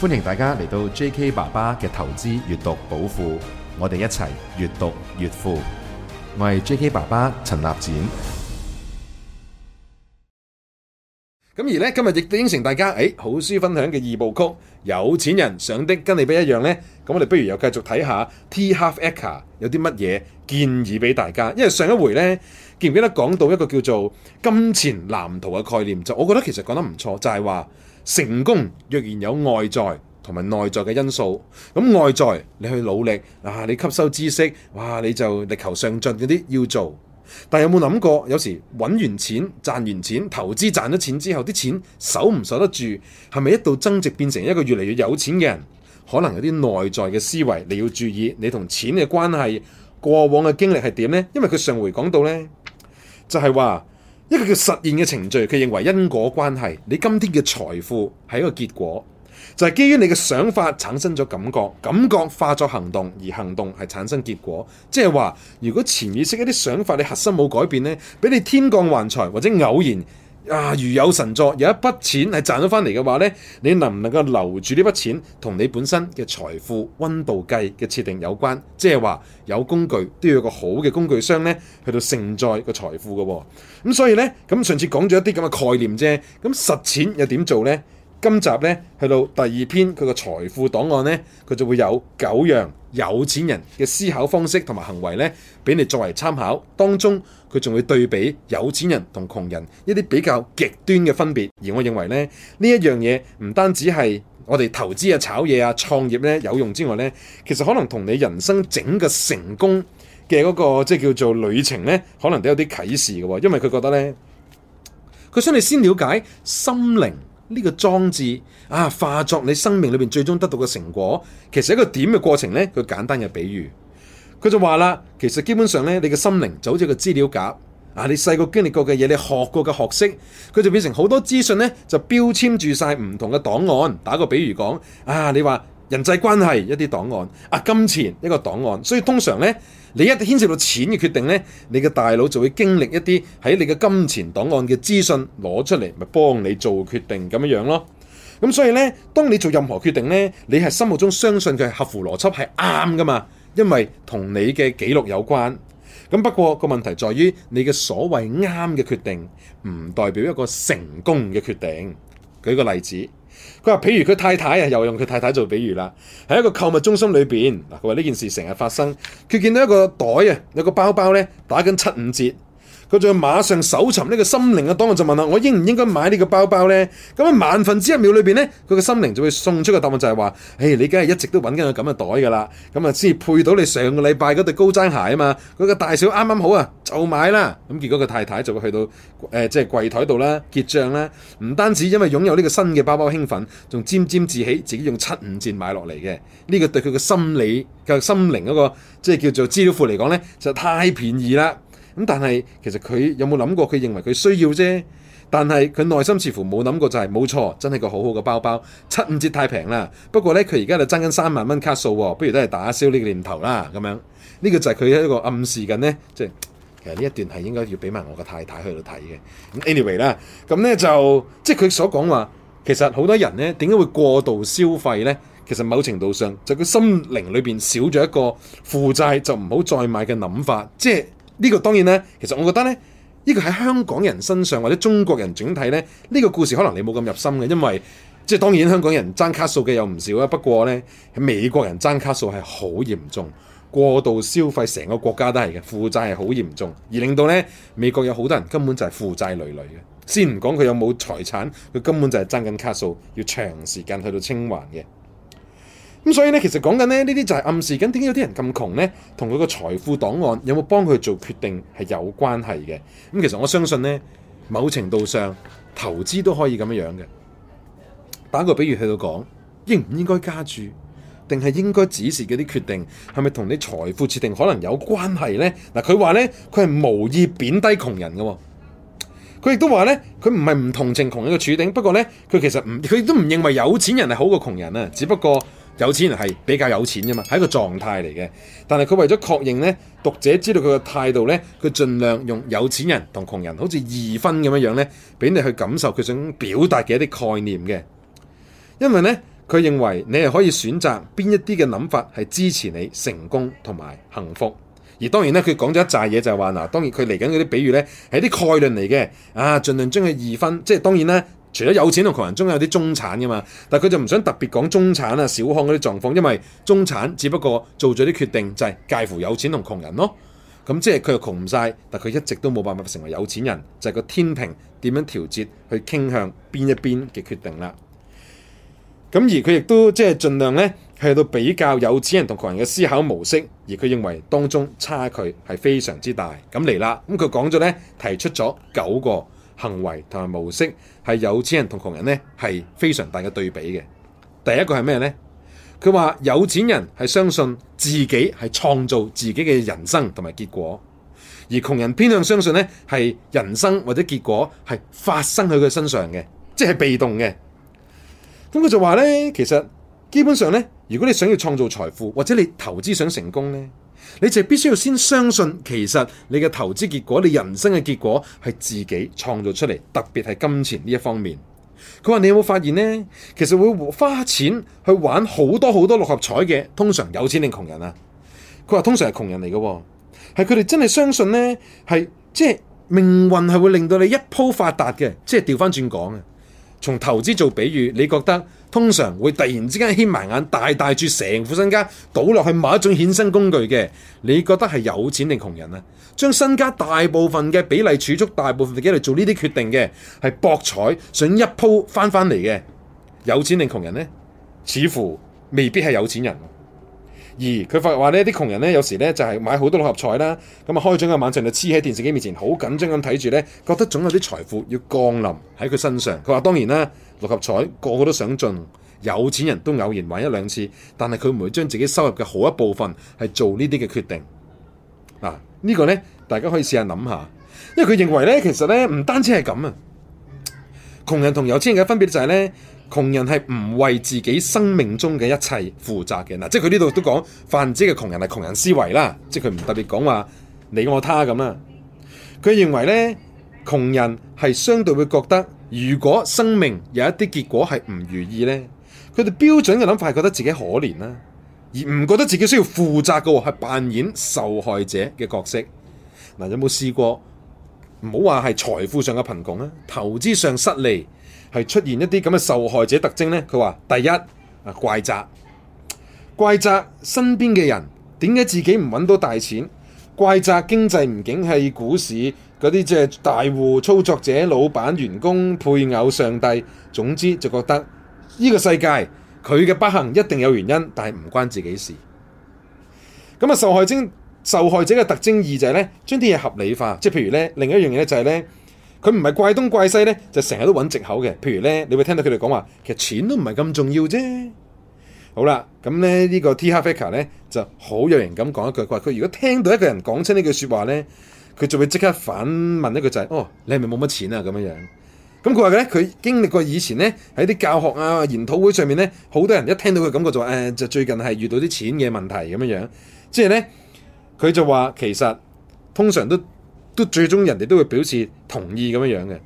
歡迎大家嚟到 J.K. 爸爸嘅投資閱讀寶庫，我哋一齊閱讀越富。我係 J.K. 爸爸陳立展。咁而呢，今日亦都應承大家，誒、哎，好書分享嘅二部曲，有錢人想的跟你不一樣呢。咁我哋不如又繼續睇下 T. Harv Eker 有啲乜嘢建議俾大家。因為上一回呢，記唔記得講到一個叫做金錢藍圖嘅概念，就我覺得其實講得唔錯，就係、是、話。成功若然有外在同埋內在嘅因素，咁外在你去努力，嗱、啊、你吸收知識，哇你就力求上進嗰啲要做。但有冇諗過有時揾完錢賺完錢投資賺咗錢之後啲錢守唔守得住？係咪一度增值變成一個越嚟越有錢嘅人，可能有啲內在嘅思維你要注意，你同錢嘅關係過往嘅經歷係點咧？因為佢上回講到咧，就係、是、話。一個叫實現嘅程序，佢認為因果關係，你今天嘅財富係一個結果，就係基於你嘅想法產生咗感覺，感覺化作行動，而行動係產生結果。即係話，如果潛意識一啲想法你核心冇改變呢，俾你天降橫財或者偶然。啊！如有神助，有一筆錢係賺咗翻嚟嘅話呢，你能唔能夠留住呢筆錢，同你本身嘅財富溫度計嘅設定有關，即係話有工具都要有個好嘅工具箱，呢去到承載個財富嘅、哦。咁所以呢，咁上次講咗一啲咁嘅概念啫，咁實踐又點做呢？今集咧去到第二篇，佢個財富檔案呢，佢就會有九樣有錢人嘅思考方式同埋行為呢，俾你作為參考。當中佢仲會對比有錢人同窮人一啲比較極端嘅分別。而我認為呢，呢一樣嘢唔單止係我哋投資啊、炒嘢啊、創業呢有用之外呢，其實可能同你人生整個成功嘅嗰個，即係叫做旅程呢，可能都有啲啟示嘅。因為佢覺得呢，佢想你先了解心靈。呢個裝置啊，化作你生命裏面最終得到嘅成果，其實一個點嘅過程呢？佢簡單嘅比喻，佢就話啦，其實基本上呢，你嘅心靈就好似個資料夾啊，你細個經歷過嘅嘢，你學過嘅學識，佢就變成好多資訊呢，就標籤住晒唔同嘅檔案。打個比喻講啊，你話人際關係一啲檔案啊，金錢一個檔案，所以通常呢。你一牽涉到錢嘅決定呢，你嘅大腦就會經歷一啲喺你嘅金錢檔案嘅資訊攞出嚟，咪幫你做決定咁樣樣咯。咁所以呢，當你做任何決定呢，你係心目中相信佢係合乎邏輯係啱㗎嘛，因為同你嘅記錄有關。咁不過個問題在於，你嘅所謂啱嘅決定唔代表一個成功嘅決定。舉個例子。佢話：譬如佢太太啊，又用佢太太做比喻啦，喺一個購物中心裏邊，佢話呢件事成日發生，佢見到一個袋啊，有個包包咧，打緊七五折。佢仲要馬上搜尋呢個心靈啊！當我就問啦：我應唔應該買呢個包包咧？咁喺萬分之一秒裏邊咧，佢個心靈就會送出個答案就，就係話：唉，你梗係一直都揾緊個咁嘅袋噶啦，咁啊，先至配到你上個禮拜嗰對高踭鞋啊嘛，嗰個大小啱啱好啊，就買啦！咁結果個太太就會去到誒即係櫃枱度啦，結帳啦。唔單止因為擁有呢個新嘅包包興奮，仲沾沾自喜，自己用七五折買落嚟嘅。呢個對佢嘅心理、嘅心靈嗰個即係叫做資料庫嚟講咧，就太便宜啦。咁但係其實佢有冇諗過？佢認為佢需要啫，但係佢內心似乎冇諗過，就係冇錯，真係個好好嘅包包，七五折太平啦。不過咧，佢而家就爭緊三萬蚊卡數喎，不如都係打消呢個念頭啦。咁樣呢個就係佢一個暗示緊咧，即係其實呢一段係應該要俾埋我個太太去到睇嘅。咁 anyway 啦，咁咧就即係佢所講話，其實好多人咧點解會過度消費咧？其實某程度上就佢心靈裏邊少咗一個負債就唔好再買嘅諗法，即係。呢個當然咧，其實我覺得咧，呢個喺香港人身上或者中國人整體咧，呢個故事可能你冇咁入心嘅，因為即係當然香港人爭卡數嘅有唔少啦。不過咧，美國人爭卡數係好嚴重，過度消費成個國家都係嘅，負債係好嚴重，而令到咧美國有好多人根本就係負債累累嘅，先唔講佢有冇財產，佢根本就係爭緊卡數，要長時間去到清還嘅。咁所以咧，其實講緊咧，呢啲就係暗示緊點解有啲人咁窮咧，同佢個財富檔案有冇幫佢做決定係有關係嘅。咁其實我相信咧，某程度上投資都可以咁樣樣嘅。打個比喻去到講，應唔應該加注，定係應該指示嗰啲決定，係咪同啲財富設定可能有關係咧？嗱，佢話咧，佢係無意貶低窮人嘅。佢亦都話咧，佢唔係唔同情窮人嘅處境，不過咧，佢其實唔，佢亦都唔認為有錢人係好過窮人啊，只不過。有錢人係比較有錢嘅嘛，係一個狀態嚟嘅。但係佢為咗確認咧，讀者知道佢嘅態度咧，佢盡量用有錢人同窮人好似二分咁樣樣咧，俾你去感受佢想表達嘅一啲概念嘅。因為咧，佢認為你係可以選擇邊一啲嘅諗法係支持你成功同埋幸福。而當然咧，佢講咗一紮嘢就係話嗱，當然佢嚟緊嗰啲比喻咧係啲概論嚟嘅啊，盡量將佢二分，即係當然咧。除咗有錢同窮人，仲有啲中產嘅嘛，但佢就唔想特別講中產啊、小康嗰啲狀況，因為中產只不過做咗啲決定，就係、是、介乎有錢同窮人咯。咁、嗯、即係佢又窮唔晒，但佢一直都冇辦法成為有錢人，就係、是、個天平點樣調節去傾向邊一邊嘅決定啦。咁、嗯、而佢亦都即係、就是、盡量呢，去到比較有錢人同窮人嘅思考模式，而佢認為當中差距係非常之大。咁嚟啦，咁佢、嗯、講咗呢，提出咗九個。行為同埋模式係有錢人同窮人呢係非常大嘅對比嘅。第一個係咩呢？佢話有錢人係相信自己係創造自己嘅人生同埋結果，而窮人偏向相信呢係人生或者結果係發生喺佢身上嘅，即係被動嘅。咁佢就話呢，其實基本上呢，如果你想要創造財富或者你投資想成功呢。你就必須要先相信，其實你嘅投資結果，你人生嘅結果係自己創造出嚟，特別係金錢呢一方面。佢話你有冇發現呢？其實會花錢去玩好多好多六合彩嘅，通常有錢定窮人啊？佢話通常係窮人嚟嘅，係佢哋真係相信呢，係即係命運係會令到你一鋪發達嘅，即係調翻轉講啊。從投資做比喻，你覺得通常會突然之間掀埋眼，大大注成副身家倒落去某一種衍生工具嘅，你覺得係有錢定窮人啊？將身家大部分嘅比例儲蓄，大部分嘅嘢嚟做呢啲決定嘅，係博彩想一鋪翻翻嚟嘅，有錢定窮人呢？似乎未必係有錢人。而佢發言呢啲窮人呢，有時呢就係買好多六合彩啦，咁啊開獎嘅晚上就黐喺電視機面前，好緊張咁睇住呢，覺得總有啲財富要降臨喺佢身上。佢話：當然啦，六合彩個個都想中，有錢人都偶然玩一兩次，但係佢唔會將自己收入嘅好一部分係做呢啲嘅決定。嗱、啊，呢個呢大家可以試下諗下，因為佢認為呢，其實呢唔單止係咁啊，窮人同有錢人嘅分別就係呢。窮人係唔為自己生命中嘅一切負責嘅，嗱、啊，即係佢呢度都講泛指嘅窮人係窮人思維啦，即係佢唔特別講話你我他咁啊。佢認為咧，窮人係相對會覺得，如果生命有一啲結果係唔如意咧，佢哋標準嘅諗法係覺得自己可憐啦、啊，而唔覺得自己需要負責㗎，係扮演受害者嘅角色。嗱、啊，有冇試過？唔好話係財富上嘅貧窮啊，投資上失利。係出現一啲咁嘅受害者特徵呢。佢話第一啊，怪責怪責身邊嘅人，點解自己唔揾到大錢，怪責經濟唔景氣、股市嗰啲即係大戶操作者、老闆、員工、配偶、上帝，總之就覺得呢個世界佢嘅不幸一定有原因，但係唔關自己事。咁啊，受害者受害者嘅特徵二就係呢：將啲嘢合理化，即係譬如呢，另一樣嘢就係呢。佢唔係怪東怪西咧，就成日都揾藉口嘅。譬如咧，你會聽到佢哋講話，其實錢都唔係咁重要啫。好啦，咁咧呢個 T. Harv Eker 咧就好有型咁講一句話，佢如果聽到一個人講清呢句説話咧，佢就會即刻反問一句就係：哦，你係咪冇乜錢啊？咁樣樣。咁佢話咧，佢經歷過以前咧喺啲教學啊、研討會上面咧，好多人一聽到佢感覺就話：誒，就最近係遇到啲錢嘅問題咁樣樣。即係咧，佢就話其實通常都。都最終人哋都會表示同意咁樣樣嘅，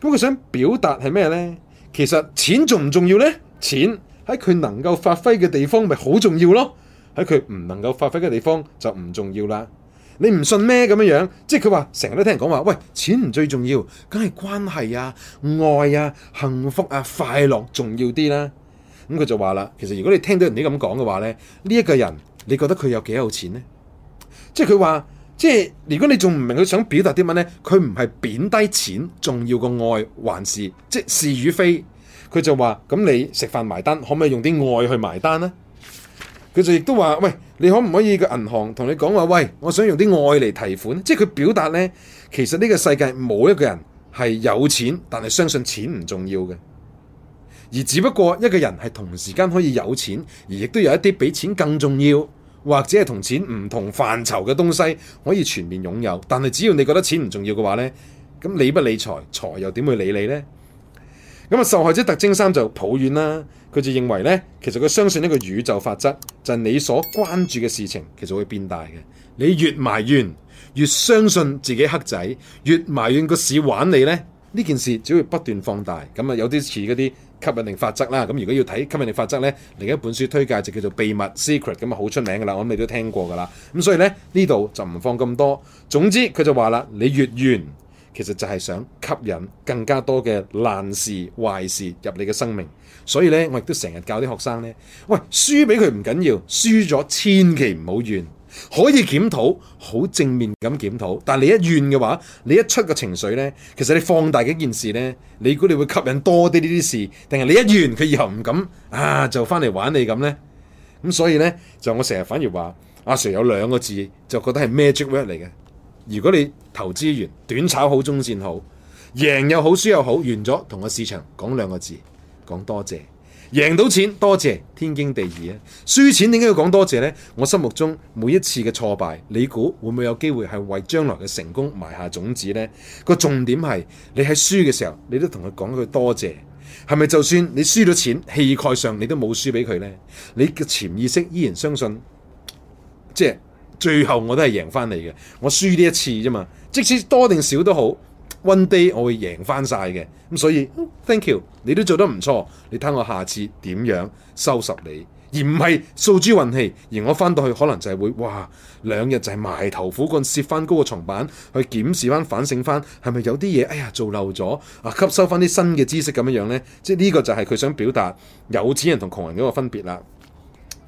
咁佢想表達係咩呢？其實錢重唔重要呢？錢喺佢能夠發揮嘅地方咪好重要咯，喺佢唔能夠發揮嘅地方就唔重要啦。你唔信咩咁樣樣？即係佢話成日都聽人講話，喂，錢唔最重要，梗係關係啊、愛啊、幸福啊、快樂重要啲啦。咁佢就話啦，其實如果你聽到人哋咁講嘅話呢，呢一個人你覺得佢有幾有錢呢？即係佢話。即係如果你仲唔明佢想表達啲乜呢？佢唔係貶低錢重要個愛，還是即是與非，佢就話：「咁你食飯埋單，可唔可以用啲愛去埋單呢？」佢就亦都話：喂，你可唔可以個銀行同你講話？喂，我想用啲愛嚟提款。即係佢表達呢，其實呢個世界冇一個人係有錢但係相信錢唔重要嘅，而只不過一個人係同時間可以有錢而亦都有一啲比錢更重要。或者係同錢唔同範疇嘅東西可以全面擁有，但係只要你覺得錢唔重要嘅話呢，咁理不理財，財又點會理你呢？咁啊，受害者特徵三就抱怨啦，佢就認為呢，其實佢相信一個宇宙法則，就係你所關注嘅事情其實會變大嘅。你越埋怨，越相信自己黑仔，越埋怨個市玩你呢，呢件事只會不斷放大，咁啊，有啲似嗰啲。吸引力法則啦，咁如果要睇吸引力法則呢，另一本書推介就叫做《秘密 Secret》，咁啊好出名噶啦，我諗你都聽過噶啦。咁所以呢，呢度就唔放咁多。總之佢就話啦，你越怨，其實就係想吸引更加多嘅爛事壞事入你嘅生命。所以呢，我亦都成日教啲學生呢：「喂，輸俾佢唔緊要，輸咗千祈唔好怨。可以檢討，好正面咁檢討。但係你一怨嘅話，你一出個情緒呢，其實你放大幾件事呢，你估你會吸引多啲呢啲事。定係你一怨佢以後唔敢啊，就翻嚟玩你咁呢？咁所以呢，就我成日反而話阿、啊、Sir 有兩個字，就覺得係 magic word 嚟嘅。如果你投資完短炒好，中線好，贏又好，輸又好，完咗同個市場講兩個字，講多謝。贏到錢多謝天經地義啊，輸錢點解要講多謝呢？我心目中每一次嘅挫敗，你估會唔會有機會係為將來嘅成功埋下種子呢？個重點係你喺輸嘅時候，你都同佢講句「多謝」，係咪就算你輸到錢，氣概上你都冇輸俾佢呢？你嘅潛意識依然相信，即係最後我都係贏翻嚟嘅，我輸呢一次啫嘛，即使多定少都好。One day 我會贏翻晒嘅，咁所以 thank you 你都做得唔錯，你睇我下次點樣收拾你，而唔係數珠運氣，而我翻到去可能就係會哇兩日就係埋頭苦幹，摺翻高個床板去檢視翻、反省翻，係咪有啲嘢哎呀做漏咗啊？吸收翻啲新嘅知識咁樣樣咧，即係呢個就係佢想表達有錢人同窮人嗰個分別啦。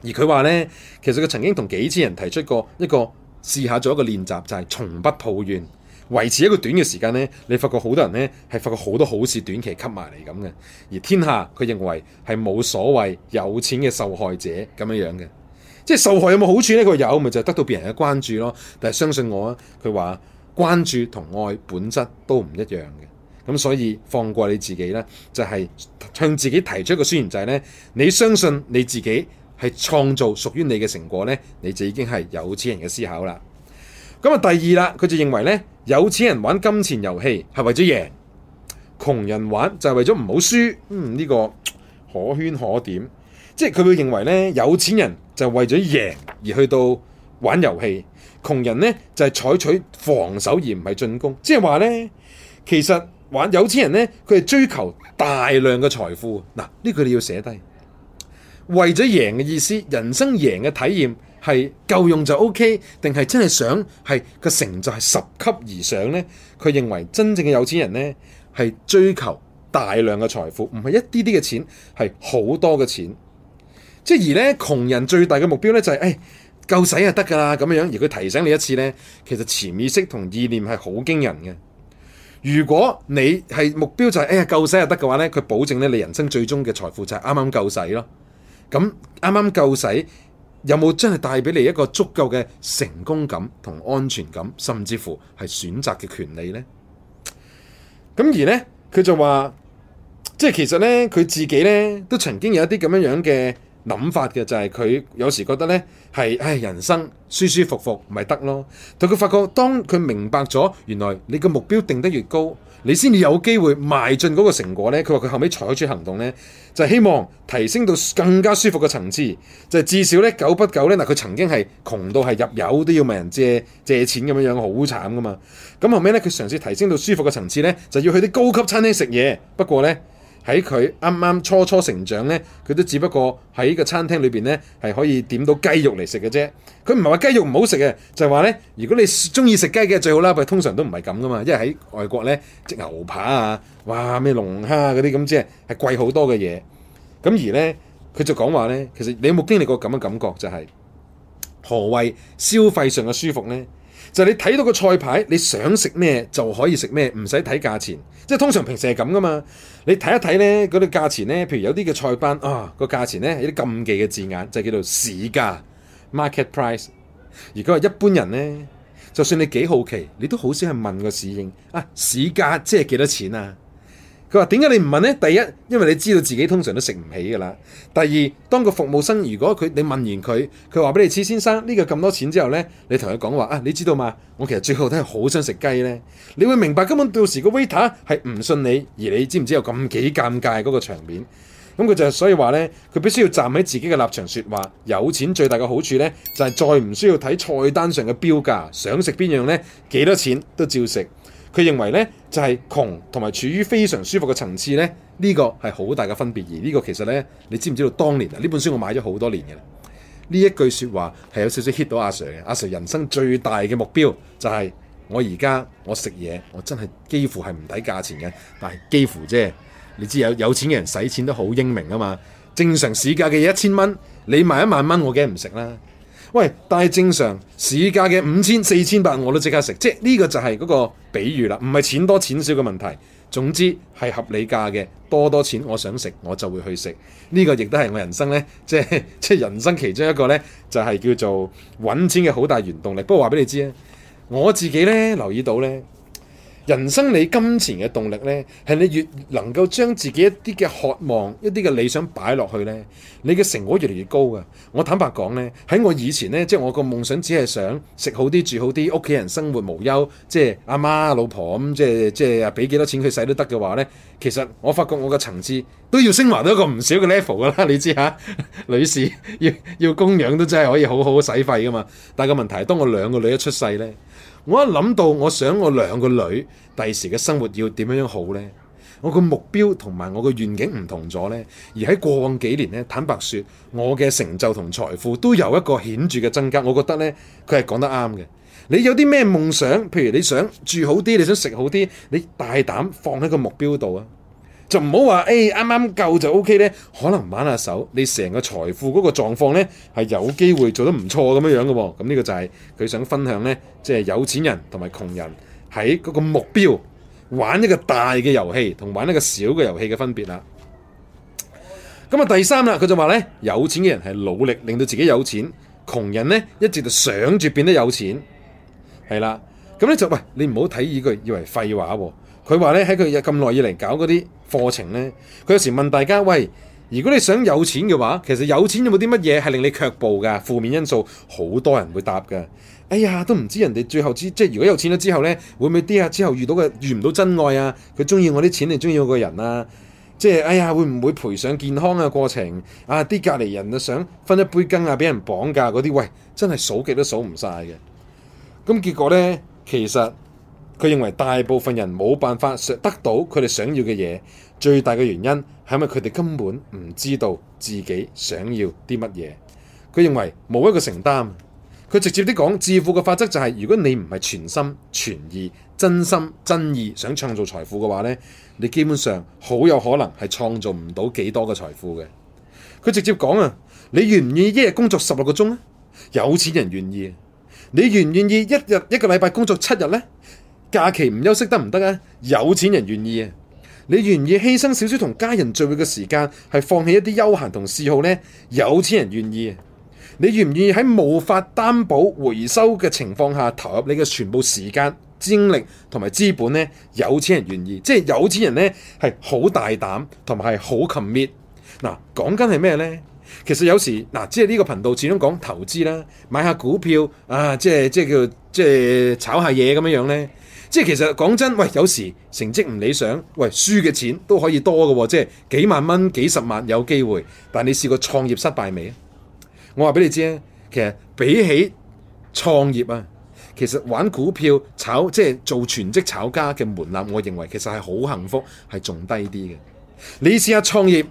而佢話呢，其實佢曾經同幾千人提出過一個試下做一個練習，就係、是、從不抱怨。維持一個短嘅時間咧，你發覺好多人咧係發覺好多好事短期吸埋嚟咁嘅，而天下佢認為係冇所謂，有錢嘅受害者咁樣樣嘅，即係受害有冇好處呢？佢有，咪就得到別人嘅關注咯。但係相信我啊，佢話關注同愛本質都唔一樣嘅，咁所以放過你自己啦，就係向自己提出一個宣言就係咧，你相信你自己係創造屬於你嘅成果咧，你就已經係有錢人嘅思考啦。咁啊，第二啦，佢就認為咧。有錢人玩金錢遊戲係為咗贏，窮人玩就係為咗唔好輸。嗯，呢個可圈可點，即係佢會認為呢，有錢人就為咗贏而去到玩遊戲，窮人呢就係採取防守而唔係進攻。即係話呢，其實玩有錢人呢，佢係追求大量嘅財富。嗱，呢個你要寫低，為咗贏嘅意思，人生贏嘅體驗。係夠用就 OK，定係真係想係個成就係十級而上呢？佢認為真正嘅有錢人呢，係追求大量嘅財富，唔係一啲啲嘅錢，係好多嘅錢。即係而呢，窮人最大嘅目標呢，就係誒夠使就得噶啦咁樣。而佢提醒你一次呢，其實潛意識同意念係好驚人嘅。如果你係目標就係誒夠使就得嘅話呢，佢保證呢你人生最終嘅財富就係啱啱夠使咯。咁啱啱夠使。剛剛有冇真係帶畀你一個足夠嘅成功感同安全感，甚至乎係選擇嘅權利咧？咁而咧，佢就話，即係其實咧，佢自己咧都曾經有一啲咁樣樣嘅諗法嘅就係佢有時覺得呢，係，唉，人生舒舒服服咪得咯，但佢發覺當佢明白咗，原來你嘅目標定得越高，你先至有機會邁進嗰個成果呢。佢話佢後尾採取行動呢，就係希望提升到更加舒服嘅層次，就係至少呢，久不久呢，嗱，佢曾經係窮到係入油都要問人借借錢咁樣樣，好慘噶嘛。咁後尾呢，佢嘗試提升到舒服嘅層次呢，就要去啲高級餐廳食嘢。不過呢。喺佢啱啱初初成長咧，佢都只不過喺個餐廳裏邊咧，係可以點到雞肉嚟食嘅啫。佢唔係話雞肉唔好食嘅，就係話咧，如果你鍾意食雞嘅最好啦，但通常都唔係咁噶嘛。因為喺外國咧，即牛扒啊、哇咩龍蝦嗰啲咁，即係係貴好多嘅嘢。咁而咧，佢就講話咧，其實你有冇經歷過咁嘅感覺？就係、是、何為消費上嘅舒服咧？就係你睇到個菜牌，你想食咩就可以食咩，唔使睇價錢。即係通常平時係咁噶嘛。你睇一睇呢嗰啲、那個、價錢呢譬如有啲嘅菜單啊，個價錢呢有啲禁忌嘅字眼，就叫做市價 （market price）。如果係一般人呢，就算你幾好奇，你都好少去問個侍應啊，市價即係幾多錢啊？佢話：點解你唔問呢？第一，因為你知道自己通常都食唔起噶啦。第二，當個服務生，如果佢你問完佢，佢話俾你知先生呢個咁多錢之後呢，你同佢講話啊，你知道嘛？我其實最後都係好想食雞呢。」你會明白根本到時個 waiter 係唔信你，而你知唔知有咁幾尷尬嗰個場面？咁佢就所以話呢，佢必須要站喺自己嘅立場說話。有錢最大嘅好處呢，就係再唔需要睇菜單上嘅標價，想食邊樣呢？幾多錢都照食。佢認為呢就係窮同埋處於非常舒服嘅層次咧，呢個係好大嘅分別。而呢個其實呢，你知唔知道？當年啊，呢本書我買咗好多年嘅啦。呢一句説話係有少少 hit 到阿 Sir 嘅。阿 Sir 人生最大嘅目標就係我而家我食嘢，我真係幾乎係唔抵價錢嘅。但係幾乎啫，你知有有錢嘅人使錢都好英明啊嘛。正常市價嘅嘢一千蚊，你賣一萬蚊，我梗係唔食啦。喂，但係正常市價嘅五千四千八，我都即刻食，即係呢個就係嗰個比喻啦，唔係錢多錢少嘅問題。總之係合理價嘅多多錢，我想食我就會去食。呢個亦都係我人生咧，即係即係人生其中一個咧，就係叫做揾錢嘅好大原動力。不過話俾你知啊，我自己咧，留意到咧。人生你金錢嘅動力呢，係你越能夠將自己一啲嘅渴望、一啲嘅理想擺落去呢，你嘅成果越嚟越高噶。我坦白講呢，喺我以前呢，即係我個夢想只係想食好啲、住好啲、屋企人生活無憂，即係阿媽、老婆咁，即係即係啊，俾幾多錢佢使都得嘅話呢，其實我發覺我嘅層次都要升華到一個唔少嘅 level 噶啦。你知吓，啊、 女士要要供養都真係可以好好使費噶嘛。但係個問題係，當我兩個女一出世呢。我一諗到，我想我兩個女第時嘅生活要點樣樣好呢？我個目標同埋我個願景唔同咗呢。而喺過往幾年呢，坦白說，我嘅成就同財富都有一個顯著嘅增加。我覺得呢，佢係講得啱嘅。你有啲咩夢想？譬如你想住好啲，你想食好啲，你大膽放喺個目標度啊！就唔好話誒，啱啱夠就 O K 咧，可能玩下手，你成個財富嗰個狀況咧係有機會做得唔錯，咁樣樣嘅、啊、咁、嗯、呢、這個就係、是，佢想分享咧，即、就、係、是、有錢人同埋窮人喺嗰個目標玩一個大嘅遊戲同玩一個小嘅遊戲嘅分別啦。咁、嗯、啊，第三啦，佢就話咧，有錢嘅人係努力令到自己有錢，窮人咧一直就想住變得有錢，係啦。咁咧就喂，你唔好睇以佢以為廢話、啊。佢話咧喺佢有咁耐以嚟搞嗰啲課程咧，佢有時問大家：喂，如果你想有錢嘅話，其實有錢有冇啲乜嘢係令你卻步嘅？負面因素好多人會答嘅。哎呀，都唔知人哋最後之即係如果有錢咗之後咧，會唔會啲啊？之後遇到嘅遇唔到真愛啊？佢中意我啲錢定中意我個人啊？即係哎呀，會唔會賠上健康嘅過程？啊，啲隔離人啊想分一杯羹啊，俾人綁架嗰啲？喂，真係數極都數唔晒嘅。咁結果咧，其實。佢認為大部分人冇辦法得到佢哋想要嘅嘢，最大嘅原因係因為佢哋根本唔知道自己想要啲乜嘢。佢認為冇一個承擔，佢直接啲講致富嘅法則就係：如果你唔係全心全意、真心真意想創造財富嘅話咧，你基本上好有可能係創造唔到幾多嘅財富嘅。佢直接講啊，你願唔願意一日工作十六個鐘啊？有錢人願意。你願唔願意一日一個禮拜工作七日咧？假期唔休息得唔得啊？有錢人願意啊！你願意犧牲少少同家人聚會嘅時間，係放棄一啲休閒同嗜好呢？有錢人願意。你願唔願意喺無法擔保回收嘅情況下，投入你嘅全部時間、精力同埋資本呢？有錢人願意。即係有錢人呢，係好大膽同埋係好 commit。嗱 comm、啊，講緊係咩呢？其實有時嗱、啊，即係呢個頻道始終講投資啦，買下股票啊，即係即係叫即係炒下嘢咁樣樣咧。即係其實講真，喂，有時成績唔理想，喂，輸嘅錢都可以多㗎喎，即係幾萬蚊、幾十萬有機會。但你試過創業失敗未啊？我話俾你知咧，其實比起創業啊，其實玩股票炒即係做全職炒家嘅門檻，我認為其實係好幸福，係仲低啲嘅。你試下創業，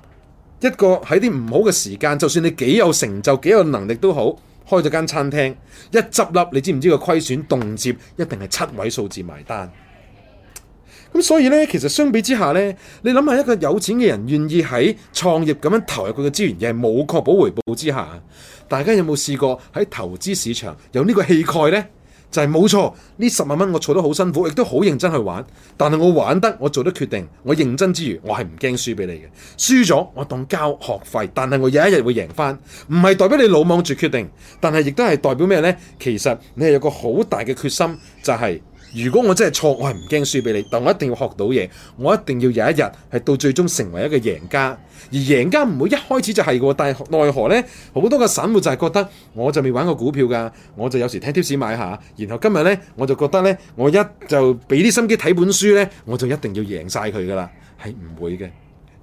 一個喺啲唔好嘅時間，就算你幾有成就、幾有能力都好。開咗間餐廳，一執笠，你知唔知個虧損動輒一定係七位數字埋單？咁所以呢，其實相比之下呢，你諗下一個有錢嘅人願意喺創業咁樣投入佢嘅資源，亦係冇確保回報之下，大家有冇試過喺投資市場有呢個氣概呢？就係冇錯，呢十萬蚊我儲得好辛苦，亦都好認真去玩。但係我玩得，我做得決定，我認真之餘，我係唔驚輸俾你嘅。輸咗我當交學費，但係我有一日會贏返。唔係代表你魯莽住決定，但係亦都係代表咩呢？其實你係有個好大嘅決心，就係、是。如果我真係錯，我係唔驚輸俾你，但我一定要學到嘢，我一定要有一日係到最終成為一個贏家。而贏家唔會一開始就係嘅，但係奈何呢？好多嘅散戶就係覺得我就未玩過股票噶，我就有時聽 tips 買下，然後今日呢，我就覺得呢，我一就俾啲心機睇本書呢，我就一定要贏晒佢噶啦，係唔會嘅。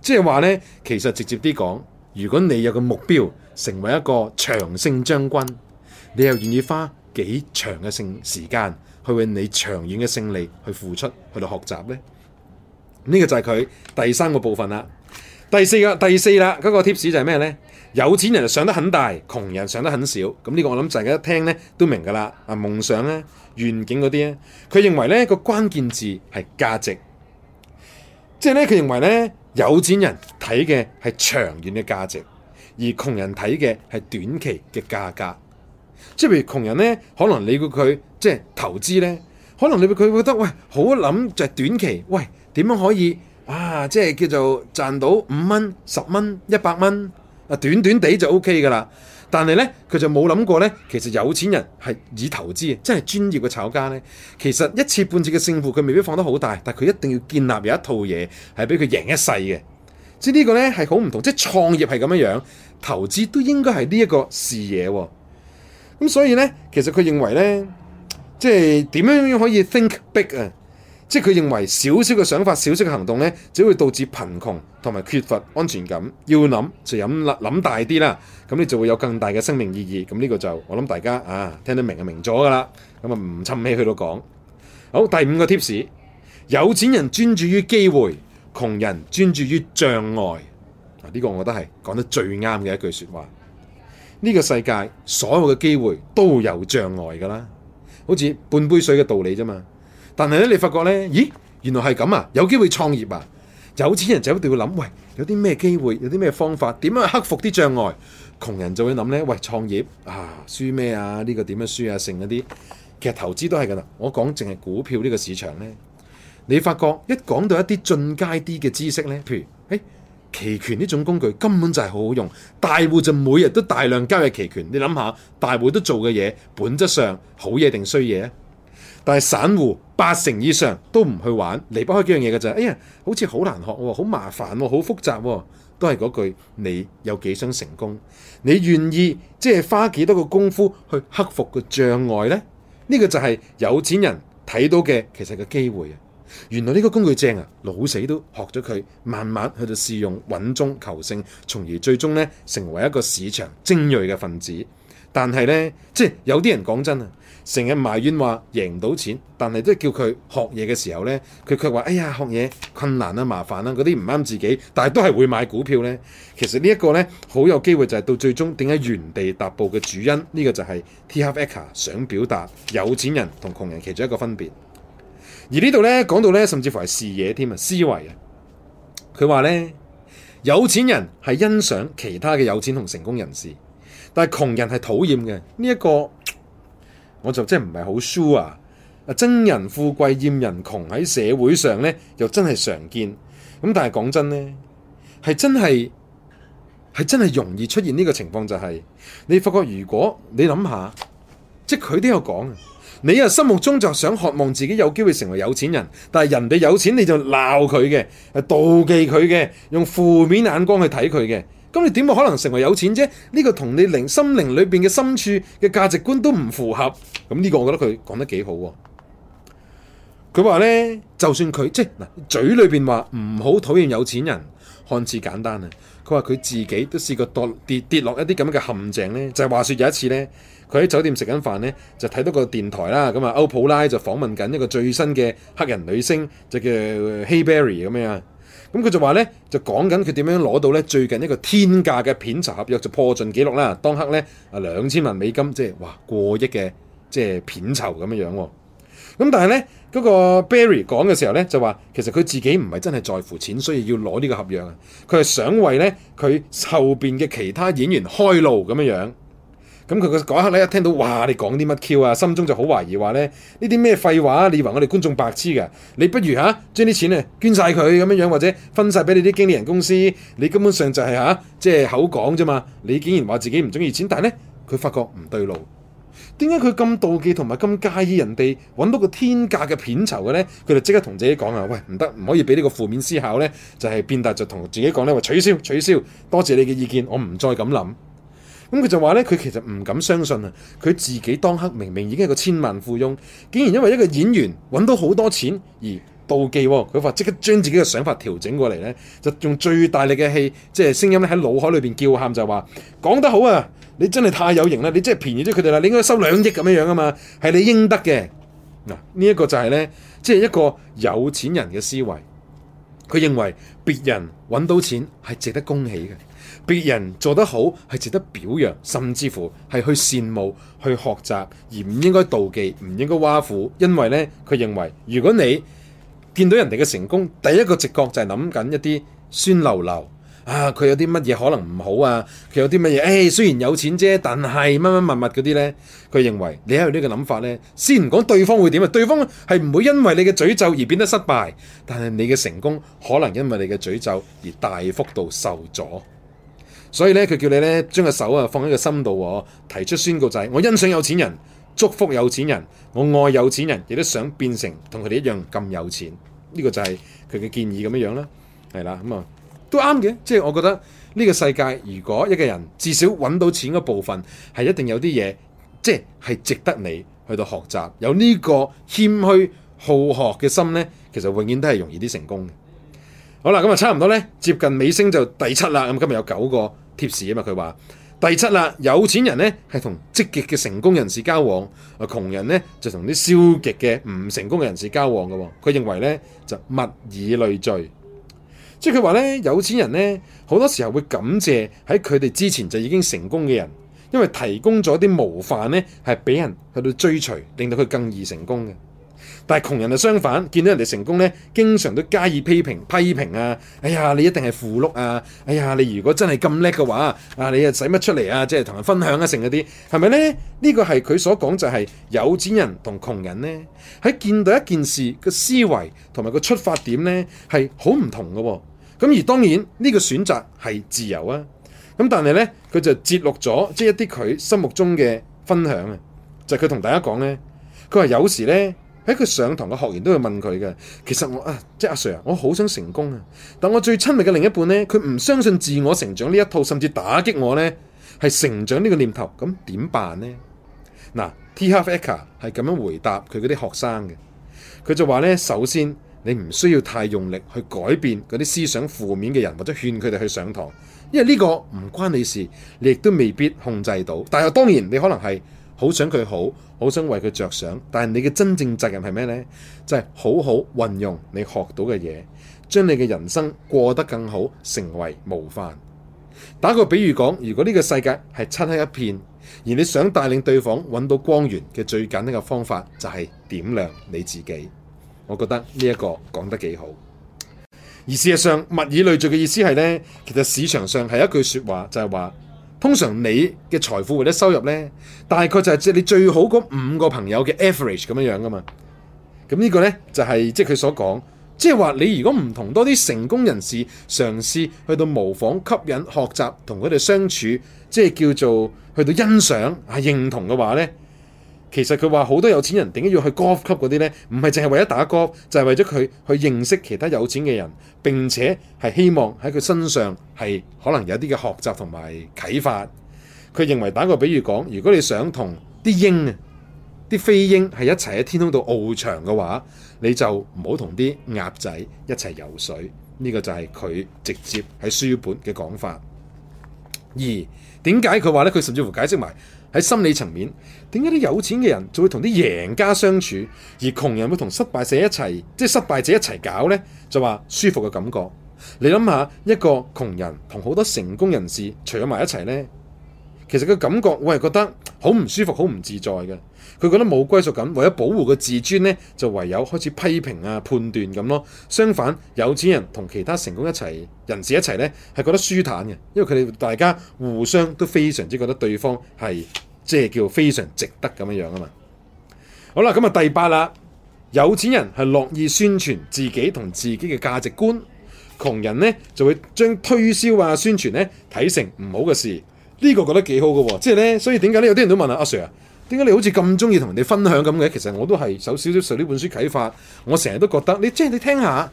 即係話呢，其實直接啲講，如果你有個目標成為一個長勝將軍，你又願意花幾長嘅勝時間？去為你長遠嘅勝利去付出，去到學習咧，呢、這個就係佢第三個部分啦。第四個第四啦，嗰、那個 tips 就係咩咧？有錢人想得很大，窮人想得很少。咁、這、呢個我諗大家一聽咧都明噶啦。啊，夢想啊，願景嗰啲啊，佢認為咧個關鍵字係價值，即係咧佢認為咧有錢人睇嘅係長遠嘅價值，而窮人睇嘅係短期嘅價格。即係譬如窮人咧，可能你佢即係投資咧，可能你佢會覺得喂，好諗就係短期，喂，點樣可以啊？即係叫做賺到五蚊、十蚊、一百蚊啊！短短地就 O K 噶啦。但係咧，佢就冇諗過咧，其實有錢人係以投資嘅，即係專業嘅炒家咧，其實一次半次嘅勝負佢未必放得好大，但係佢一定要建立有一套嘢係俾佢贏一世嘅。即係呢個咧係好唔同，即係創業係咁樣樣，投資都應該係呢一個視野哦。咁所以呢，其實佢認為呢，即係點樣樣可以 think big 啊！即係佢認為少少嘅想法，少少嘅行動呢，只會導致貧窮同埋缺乏安全感。要諗就諗諗大啲啦，咁你就會有更大嘅生命意義。咁呢個就我諗大家啊，聽得明就明咗噶啦。咁啊，唔沉氣去到講。好，第五個 tips，有錢人專注於機會，窮人專注於障礙。啊，呢個我覺得係講得最啱嘅一句說話。呢個世界所有嘅機會都有障礙㗎啦，好似半杯水嘅道理啫嘛。但係咧，你發覺呢？咦，原來係咁啊！有機會創業啊，有錢人就一定會諗，喂，有啲咩機會，有啲咩方法，點樣克服啲障礙？窮人就會諗呢：「喂，創業啊，輸咩啊？呢、呢個點樣輸啊？剩嗰啲，其實投資都係㗎啦。我講淨係股票呢個市場呢，你發覺一講到一啲進階啲嘅知識呢，譬如，哎期權呢種工具根本就係好好用，大戶就每日都大量交易期權。你諗下，大戶都做嘅嘢，本質上好嘢定衰嘢？但係散戶八成以上都唔去玩，離不開幾樣嘢嘅就係。哎呀，好似好難學，好麻煩，好複雜哦。都係嗰句，你有幾想成功？你願意即係花幾多個功夫去克服個障礙呢？呢、呢個就係有錢人睇到嘅其實嘅機會啊！原來呢個工具正啊，老死都學咗佢，慢慢去到試用穩中求勝，從而最終咧成為一個市場精鋭嘅分子。但係呢，即係有啲人講真啊，成日埋怨話贏唔到錢，但係都係叫佢學嘢嘅時候呢，佢卻話：哎呀，學嘢困難啊、麻煩啦、啊，嗰啲唔啱自己，但係都係會買股票呢。其實呢一個呢，好有機會就係到最終點解原地踏步嘅主因，呢、這個就係 T. Harv Eker 想表達有錢人同窮人其中一個分別。而呢度咧講到咧，甚至乎係視野添啊，思維啊。佢話咧，有錢人係欣賞其他嘅有錢同成功人士，但係窮人係討厭嘅。呢一個，我就真係唔係好 sure 啊。憎人富貴厭人窮喺社會上咧，又真係常見。咁但係講真咧，係真係係真係容易出現呢個情況，就係、是、你發覺如果你諗下，即係佢都有講。你啊，心目中就想渴望自己有機會成為有錢人，但係人哋有錢你就鬧佢嘅，係妒忌佢嘅，用負面眼光去睇佢嘅，咁你點可能成為有錢啫？呢、這個同你靈心靈裏邊嘅深處嘅價值觀都唔符合。咁呢個我覺得佢講得幾好喎、啊。佢話咧，就算佢即係嗱，嘴裏邊話唔好討厭有錢人。看似簡單啊！佢話佢自己都試過墮跌跌，跌落一啲咁嘅陷阱咧，就係、是、話說有一次咧，佢喺酒店食緊飯咧，就睇到個電台啦，咁啊歐普拉就訪問緊一個最新嘅黑人女星，就叫 Hey Berry。咁、呃、樣啊。咁、嗯、佢、嗯、就話咧，就講緊佢點樣攞到咧最近一個天價嘅片酬合約就破盡紀錄啦。當刻咧啊兩千萬美金，即係哇過億嘅即係片酬咁樣樣。咁、嗯嗯、但係咧。嗰個 Barry 講嘅時候咧，就話其實佢自己唔係真係在乎錢，所以要攞呢個合約啊。佢係想為咧佢後邊嘅其他演員開路咁樣樣。咁佢個嗰一刻咧，一聽到哇，你講啲乜 Q 啊？心中就好懷疑話咧，呢啲咩廢話？你以為我哋觀眾白痴嘅？你不如吓將啲錢啊捐晒佢咁樣樣，或者分晒俾你啲經理人公司。你根本上就係、是、吓，即、啊、係、就是、口講啫嘛。你竟然話自己唔中意錢，但係咧佢發覺唔對路。點解佢咁妒忌同埋咁介意人哋揾到個天價嘅片酬嘅呢？佢就即刻同自己講啊！喂，唔得，唔可以俾呢個負面思考呢。」就係、是、變大就同自己講呢：「話取消取消，多謝你嘅意見，我唔再咁諗。咁佢就話呢，佢其實唔敢相信啊！佢自己當刻明明已經係個千萬富翁，竟然因為一個演員揾到好多錢而妒忌。佢話即刻將自己嘅想法調整過嚟呢，就用最大力嘅氣，即係聲音喺腦海裏邊叫喊，就話講得好啊！你真係太有型啦！你真係便宜咗佢哋啦！你應該收兩億咁樣樣啊嘛，係你應得嘅嗱。呢一個就係咧，即係一個有錢人嘅思維，佢認為別人揾到錢係值得恭喜嘅，別人做得好係值得表揚，甚至乎係去羨慕、去學習，而唔應該妒忌、唔應該挖苦，因為咧佢認為如果你見到人哋嘅成功，第一個直覺就係諗緊一啲酸溜溜。啊！佢有啲乜嘢可能唔好啊？佢有啲乜嘢？誒，雖然有錢啫，但係乜乜乜乜嗰啲呢？佢認為你喺度呢個諗法呢，先唔講對方會點啊？對方係唔會因為你嘅詛咒而變得失敗，但係你嘅成功可能因為你嘅詛咒而大幅度受阻。所以呢，佢叫你呢將個手啊放喺個心度，提出宣告就係：我欣賞有錢人，祝福有錢人，我愛有錢人，亦都想變成同佢哋一樣咁有錢。呢個就係佢嘅建議咁樣樣啦。係啦，咁啊。都啱嘅，即係我覺得呢個世界，如果一個人至少揾到錢嘅部分係一定有啲嘢，即係值得你去到學習，有呢個謙虛好學嘅心呢，其實永遠都係容易啲成功嘅。好啦，咁啊差唔多呢，接近尾聲就第七啦。咁今日有九個貼士啊嘛，佢話第七啦，有錢人呢係同積極嘅成功人士交往，啊窮人呢就同啲消極嘅唔成功嘅人士交往嘅。佢認為呢，就物以類聚，即係佢話咧，有錢人咧，好多時候會感謝喺佢哋之前就已經成功嘅人，因為提供咗啲模範咧，係俾人去到追隨，令到佢更易成功嘅。但係窮人就相反，見到人哋成功咧，經常都加以批評，批評啊！哎呀，你一定係符碌啊！哎呀，你如果真係咁叻嘅話啊，你又使乜出嚟啊？即係同人分享啊，剩嗰啲係咪咧？是是呢、呢個係佢所講就係有錢人同窮人咧喺見到一件事嘅思維同埋個出發點咧係好唔同嘅，哦。咁而當然呢、呢個選擇係自由啊。咁但係咧佢就節錄咗即係一啲佢心目中嘅分享啊，就係佢同大家講咧，佢話有時咧。喺佢上堂嘅學員都會問佢嘅，其實我啊，即阿 Sir 啊，Sir, 我好想成功啊，但我最親密嘅另一半呢，佢唔相信自我成長呢一套，甚至打擊我呢係成長呢個念頭，咁點辦呢？嗱、啊，T Harv Eker 係咁樣回答佢嗰啲學生嘅，佢就話呢：「首先你唔需要太用力去改變嗰啲思想負面嘅人或者勸佢哋去上堂，因為呢個唔關你事，你亦都未必控制到。但係當然你可能係。好想佢好，好想為佢着想，但係你嘅真正責任係咩咧？就係好好運用你學到嘅嘢，將你嘅人生過得更好，成為模範。打個比喻講，如果呢個世界係漆黑一片，而你想帶領對方揾到光源嘅最簡單嘅方法，就係點亮你自己。我覺得呢一個講得幾好。而事實上，物以類聚嘅意思係咧，其實市場上係一句說話，就係話。通常你嘅財富或者收入咧，大概就係即係你最好嗰五個朋友嘅 average 咁樣樣噶嘛。咁呢個咧就係、是、即係佢所講，即係話你如果唔同多啲成功人士嘗試去到模仿、吸引、學習、同佢哋相處，即係叫做去到欣賞、係、啊、認同嘅話咧。其實佢話好多有錢人點解要去 golf club 嗰啲呢？唔係淨係為咗打 golf，就係為咗佢去認識其他有錢嘅人，並且係希望喺佢身上係可能有啲嘅學習同埋啟發。佢認為打個比喻講，如果你想同啲鷹啊、啲飛鷹係一齊喺天空度翱翔嘅話，你就唔好同啲鴨仔一齊游水。呢、呢個就係佢直接喺書本嘅講法。二點解佢話呢？佢甚至乎解釋埋。喺心理層面，點解啲有錢嘅人就會同啲贏家相處，而窮人會同失敗者一齊，即係失敗者一齊搞呢，就話舒服嘅感覺。你諗下，一個窮人同好多成功人士坐埋一齊呢。其實個感覺，我係覺得好唔舒服，好唔自在嘅。佢覺得冇歸屬感，為咗保護個自尊呢，就唯有開始批評啊、判斷咁咯。相反，有錢人同其他成功一齊人士一齊呢，係覺得舒坦嘅，因為佢哋大家互相都非常之覺得對方係即係叫非常值得咁樣樣啊嘛。好啦，咁啊第八啦，有錢人係樂意宣傳自己同自己嘅價值觀，窮人呢就會將推銷啊、宣傳呢睇成唔好嘅事。呢個覺得幾好嘅喎，即係呢，所以點解呢？有啲人都問啊，阿 Sir 啊，點解你好似咁中意同人哋分享咁嘅？其實我都係受少少受呢本書啟發，我成日都覺得你即係、就是、你聽下。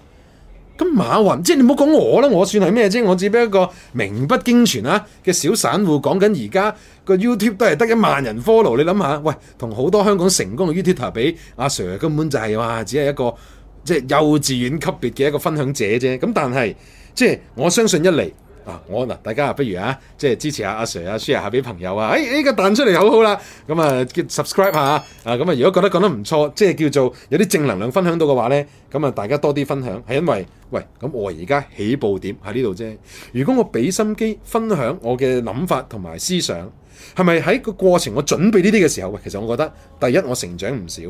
咁馬雲，即、就、係、是、你唔好講我啦，我算係咩啫？我只不過名不經傳啊嘅小散戶，講緊而家個 YouTube 都係得一萬人 follow。你諗下，喂，同好多香港成功嘅 YouTuber 比，阿、啊、Sir 根本就係、是、話，只係一個即係、就是、幼稚園級別嘅一個分享者啫。咁但係即係我相信一嚟。啊！我嗱，大家啊，不如啊，即係支持下阿、啊、Sir、阿 share 下俾朋友啊，哎，呢、這個彈出嚟好好啦。咁、嗯、啊，叫 subscribe 下啊。咁啊，如果覺得講得唔錯，即係叫做有啲正能量分享到嘅話咧，咁、嗯、啊，大家多啲分享。係因為喂，咁我而家起步點喺呢度啫。如果我俾心機分享我嘅諗法同埋思想，係咪喺個過程我準備呢啲嘅時候，喂，其實我覺得第一我成長唔少，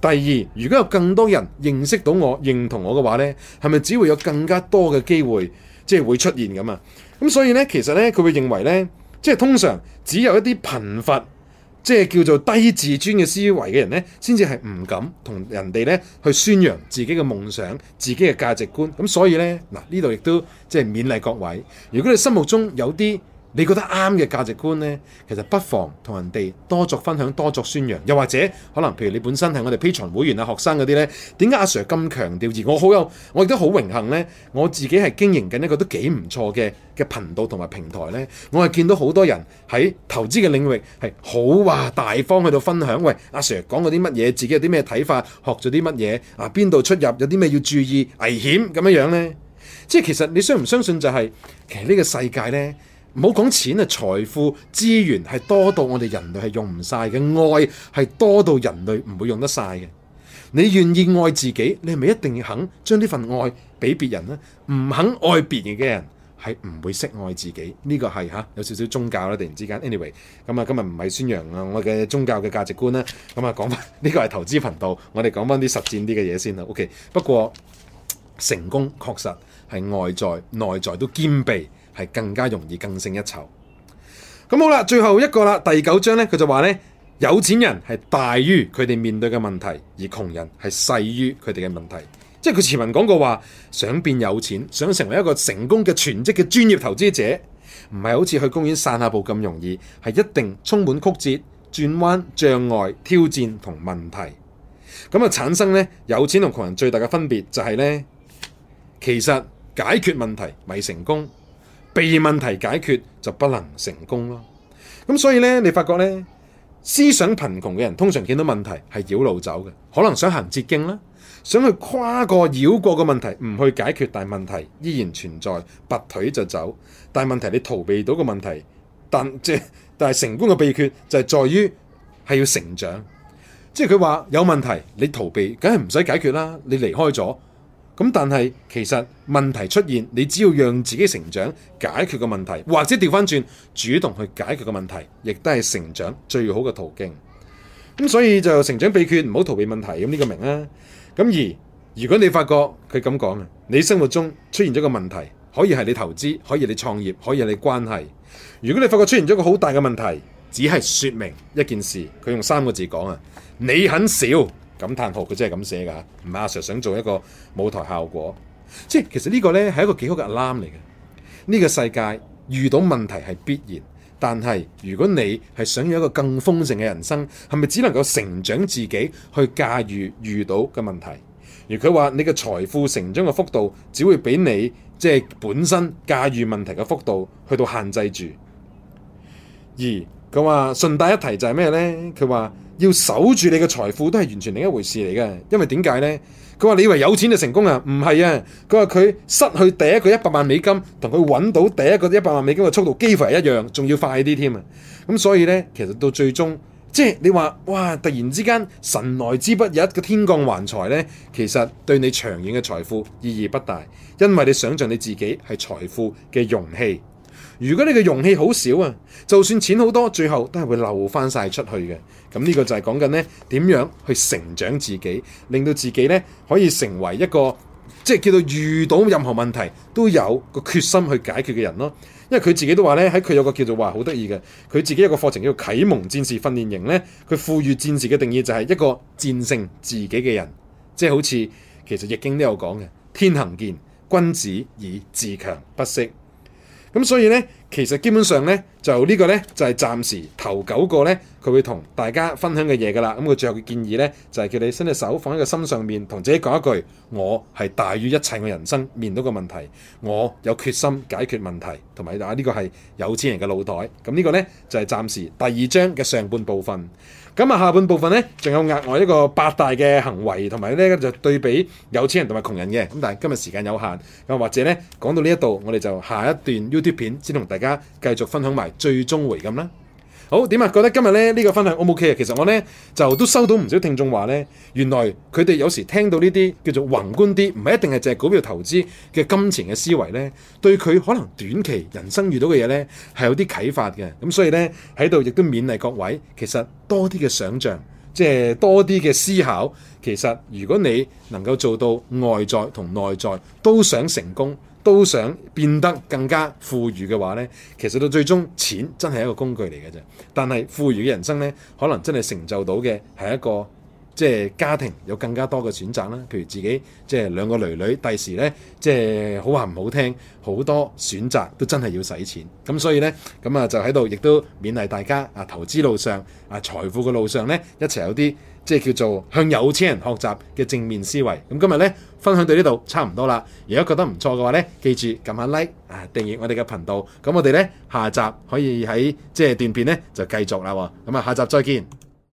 第二如果有更多人認識到我、認同我嘅話咧，係咪只會有更加多嘅機會？即係會出現㗎嘛。咁所以咧，其實咧，佢會認為咧，即係通常只有一啲貧乏，即係叫做低自尊嘅思維嘅人咧，先至係唔敢同人哋咧去宣揚自己嘅夢想、自己嘅價值觀。咁所以咧，嗱呢度亦都即係勉勵各位，如果你心目中有啲你覺得啱嘅價值觀呢？其實不妨同人哋多作分享、多作宣揚。又或者可能，譬如你本身係我哋 Patreon 會員啊、學生嗰啲呢，點解阿 Sir 咁強調？而我好有，我亦都好榮幸呢，我自己係經營緊一個都幾唔錯嘅嘅頻道同埋平台呢。我係見到好多人喺投資嘅領域係好話大方去到分享。喂，阿 Sir 講過啲乜嘢？自己有啲咩睇法？學咗啲乜嘢？啊，邊度出入有啲咩要注意？危險咁樣樣呢？」即係其實你相唔相信就係、是、其實呢個世界呢。唔好講錢啊，財富資源係多到我哋人類係用唔晒嘅，愛係多到人類唔會用得晒嘅。你願意愛自己，你係咪一定要肯將呢份愛俾別人咧？唔肯愛別人嘅人係唔會識愛自己。呢個係吓，有少少宗教啦，突然之間。Anyway，咁啊，今日唔係宣揚啊我嘅宗教嘅價值觀啦，咁啊講翻呢個係投資頻道，我哋講翻啲實戰啲嘅嘢先啦。OK，不過成功確實係外在、內在都兼備。係更加容易，更勝一籌。咁好啦，最後一個啦，第九章呢，佢就話呢：「有錢人係大於佢哋面對嘅問題，而窮人係細於佢哋嘅問題。」即係佢前文講過話，想變有錢，想成為一個成功嘅全職嘅專業投資者，唔係好似去公園散下步咁容易，係一定充滿曲折、轉彎、障礙、挑戰同問題。咁啊，產生呢，有錢同窮人最大嘅分別就係呢：其實解決問題咪成功。被問題解決就不能成功咯。咁所以咧，你發覺咧，思想貧窮嘅人通常見到問題係繞路走嘅，可能想行捷徑啦，想去跨過繞過個問題，唔去解決，但問題依然存在，拔腿就走。但問題你逃避到個問題，但即但係成功嘅秘訣就係在於係要成長。即係佢話有問題你逃避，梗係唔使解決啦，你離開咗。咁但係其實問題出現，你只要讓自己成長，解決個問題，或者掉返轉主動去解決個問題，亦都係成長最好嘅途徑。咁所以就成長秘訣，唔好逃避問題。咁呢個明啊。咁而如果你發覺佢咁講啊，你生活中出現咗個問題，可以係你投資，可以係你創業，可以係你關係。如果你發覺出現咗個好大嘅問題，只係說明一件事，佢用三個字講啊，你很少。感嘆號，佢真係咁寫㗎，唔係阿 Sir 想做一個舞台效果，即係其實呢個咧係一個幾好嘅 alarm 嚟嘅。呢個世界遇到問題係必然，但係如果你係想要一個更豐盛嘅人生，係咪只能夠成長自己去駕馭遇到嘅問題？而佢話你嘅財富成長嘅幅度，只會俾你即係本身駕馭問題嘅幅度去到限制住。而佢話順帶一提就係咩咧？佢話。要守住你嘅財富都係完全另一回事嚟嘅，因為點解呢？佢話你以為有錢就成功啊？唔係啊！佢話佢失去第一個一百萬美金，同佢揾到第一個一百萬美金嘅速度幾乎係一樣，仲要快啲添啊！咁所以呢，其實到最終，即係你話哇，突然之間神來之筆，一個天降橫財呢，其實對你長遠嘅財富意義不大，因為你想象你自己係財富嘅容器。如果你嘅容器好少啊，就算錢好多，最後都係會漏翻晒出去嘅。咁呢個就係講緊呢點樣去成長自己，令到自己呢可以成為一個，即係叫做遇到任何問題都有個決心去解決嘅人咯。因為佢自己都話呢，喺佢有個叫做話好得意嘅，佢自己有個課程叫啟蒙戰士訓練營。呢佢賦予戰士嘅定義就係一個戰勝自己嘅人，即係好似其實《易經》都有講嘅，天行健，君子以自強不息。咁所以咧，其實基本上咧，就呢個咧，就係暫時頭九個咧，佢會同大家分享嘅嘢噶啦。咁佢最後嘅建議咧，就係叫你伸隻手放喺個心上面，同自己講一句：我係大於一切嘅人生面對嘅問題，我有決心解決問題，同埋啊呢個係有錢人嘅腦袋。咁呢個咧就係暫時第二章嘅上半部分。咁啊，下半部分咧，仲有額外一個八大嘅行為，同埋咧就對比有錢人同埋窮人嘅。咁但係今日時間有限，咁或者咧講到呢一度，我哋就下一段 YouTube 片先同大家繼續分享埋最終回咁啦。好點啊？覺得今日咧呢個分享 O 唔 OK 啊？其實我呢，就都收到唔少聽眾話呢，原來佢哋有時聽到呢啲叫做宏觀啲，唔係一定係淨係股票投資嘅金錢嘅思維呢，對佢可能短期人生遇到嘅嘢呢，係有啲啟發嘅。咁所以呢，喺度亦都勉勵各位，其實多啲嘅想像，即係多啲嘅思考，其實如果你能夠做到外在同內在都想成功，都想變得更加富裕嘅話呢，其實到最終錢真係一個工具嚟嘅啫。但係富裕嘅人生呢，可能真係成就到嘅係一個即係家庭有更加多嘅選擇啦。譬如自己即係兩個女女，第時呢，即係好話唔好聽，好多選擇都真係要使錢。咁所以呢，咁啊，就喺度亦都勉勵大家啊，投資路上啊，財富嘅路上呢，一齊有啲。即係叫做向有錢人學習嘅正面思維。咁今日呢，分享到呢度差唔多啦。如果覺得唔錯嘅話呢，記住撳下 like 啊，訂閱我哋嘅頻道。咁我哋呢，下集可以喺即係段片呢就繼續啦。咁啊，下集再見。